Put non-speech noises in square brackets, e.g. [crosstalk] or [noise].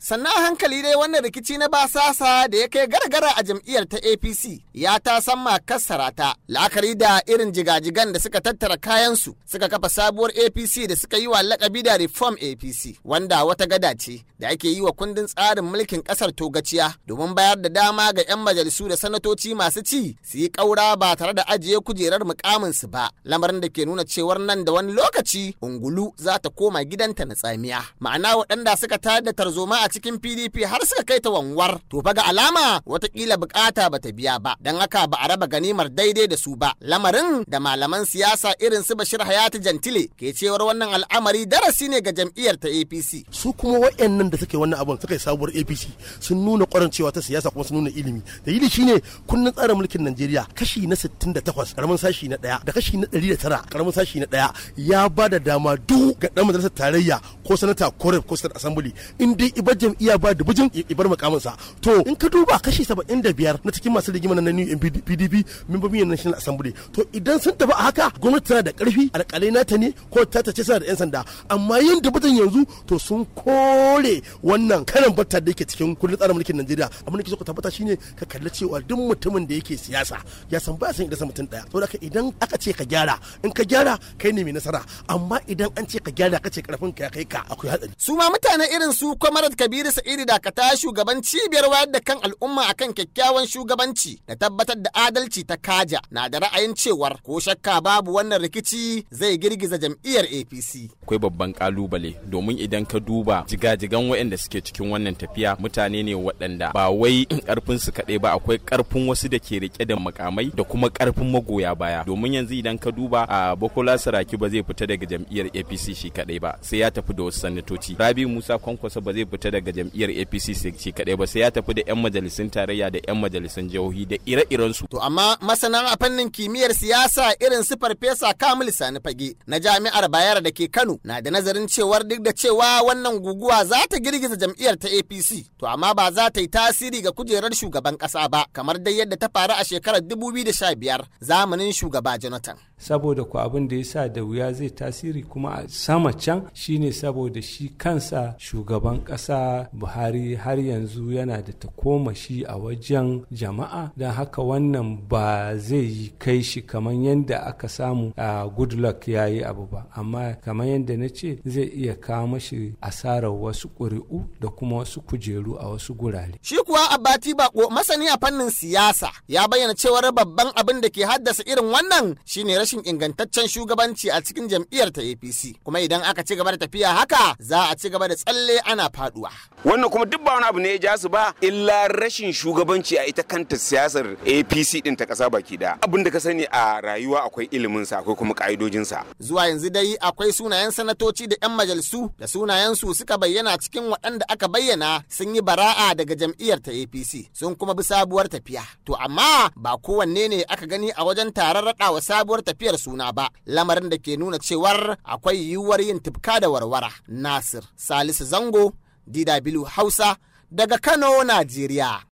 sannan hankali dai wannan rikici na basasa da ya kai gargara a jam'iyyar ta apc ya ta san kassara ta la'akari da irin jigajigan da suka tattara kayansu suka kafa sabuwar apc da suka yi wa lakabi da reform apc wanda wata gada ce da ake yi wa kundin tsarin mulkin kasar togaciya domin bayar da dama ga 'yan majalisu da sanatoci masu ci su yi kaura ba tare da ajiye kujerar mukamin su ba lamarin da ke nuna cewar nan da wani lokaci ungulu za ta koma gidanta na tsamiya ma'ana waɗanda suka tada tarzoma a cikin PDP har suka kai ta wanwar to fa ga alama watakila bukata ba ta biya ba dan haka ba a raba ganimar daidai da su ba lamarin da malaman siyasa irin su Bashir Hayatu Jantile ke cewar wannan al'amari darasi ne ga jam'iyyar ta APC su kuma wayannan da suke wannan abun suka yi sabuwar APC sun nuna kwarancewa ta siyasa kuma sun nuna ilimi dalili shine kunnen tsarin mulkin Najeriya kashi na 68 karamin sashi na 1 da kashi na 109 karamin sashi na 1 ya ba da dama duk ga dan majalisar tarayya ko sanata ko rep ko state assembly in dai iya ba da bujin ibar mukamin sa to in ka duba kashi 75 na cikin masu rigima na new PDP membobin national assembly to idan sun tafi a haka gwamnati tana da karfi alƙalai nata ne ko ta tace suna da yan sanda amma yin da bujin yanzu to sun kore wannan karan batta da yake cikin kundin tsarin mulkin Najeriya abin da ke so ka tabbata shine ka kalli cewa duk mutumin da yake siyasa ya san ba san idan mutum daya saboda idan aka ce ka gyara in ka gyara kai ne mai nasara amma idan an ce ka gyara ka ce karfin ka ya kai ka akwai hatsari su ma mutane irin su ka Kabiru Sa'idu Dakata shugaban cibiyar wayar da kan al'umma akan kyakkyawan shugabanci da tabbatar da adalci ta kaja na da ra'ayin cewar ko shakka babu wannan rikici zai girgiza jam'iyyar APC. Akwai babban kalubale domin idan ka duba jigajigan wayanda suke cikin wannan tafiya mutane ne waɗanda ba wai karfin [clears throat] su kaɗai ba akwai karfin wasu da ke rike da makamai da kuma karfin magoya baya domin yanzu idan ka duba a Bokola Saraki ba zai fita daga jam'iyyar APC shi kaɗai ba sai ya tafi da wasu sanatoci. Rabi Musa Kwankwaso ba zai fita daga daga jam'iyyar apc ce kadai ba sai ya tafi da 'yan majalisun tarayya da 'yan majalisun jihohi da ire-iren su. to amma masana a fannin kimiyyar siyasa irin su farfesa kamil sani fage na jami'ar bayar da ke kano na da nazarin cewar duk da cewa wannan guguwa za ta girgiza jam'iyyar ta apc to amma ba za ta yi tasiri ga kujerar shugaban kasa ba kamar dai yadda ta faru a shekarar 2015 zamanin shugaba jonathan saboda ku abin da ya sa da wuya zai tasiri kuma a sama can shine saboda shi kansa shugaban kasa buhari har yanzu yana da takomashi a wajen jama'a don haka wannan ba zai yi kai shi kamar yadda aka samu a goodluck ya yi abu ba amma kamar yadda na ce zai iya kama shi asarar wasu ƙuri'u da kuma wasu kujeru a wasu gurare shi kuwa abati bako masani a fannin siyasa ya bayyana cewar babban abin da ke haddasa irin wannan shine rashin ingantaccen shugabanci a cikin jam'iyyar ta apc kuma idan aka ci gaba da tafiya haka za a ci gaba da tsalle ana faduwa wannan kuma duk ba wani abu ne ya ja su ba illa rashin shugabanci a ita kanta siyasar apc din ta kasa baki da abin da ka sani a rayuwa akwai ilimin sa akwai kuma ka'idojin sa zuwa yanzu dai akwai sunayen sanatoci da yan majalisu da sunayen su suka bayyana cikin waɗanda aka bayyana sun yi bara'a daga jam'iyyar ta apc sun kuma bi sabuwar tafiya to amma ba kowanne ne aka gani a wajen taron wa sabuwar tafiyar suna ba lamarin da ke nuna cewar akwai yiwuwar yin tufka da warwara nasir salisu zango DW Hausa daga Kano, Najeriya.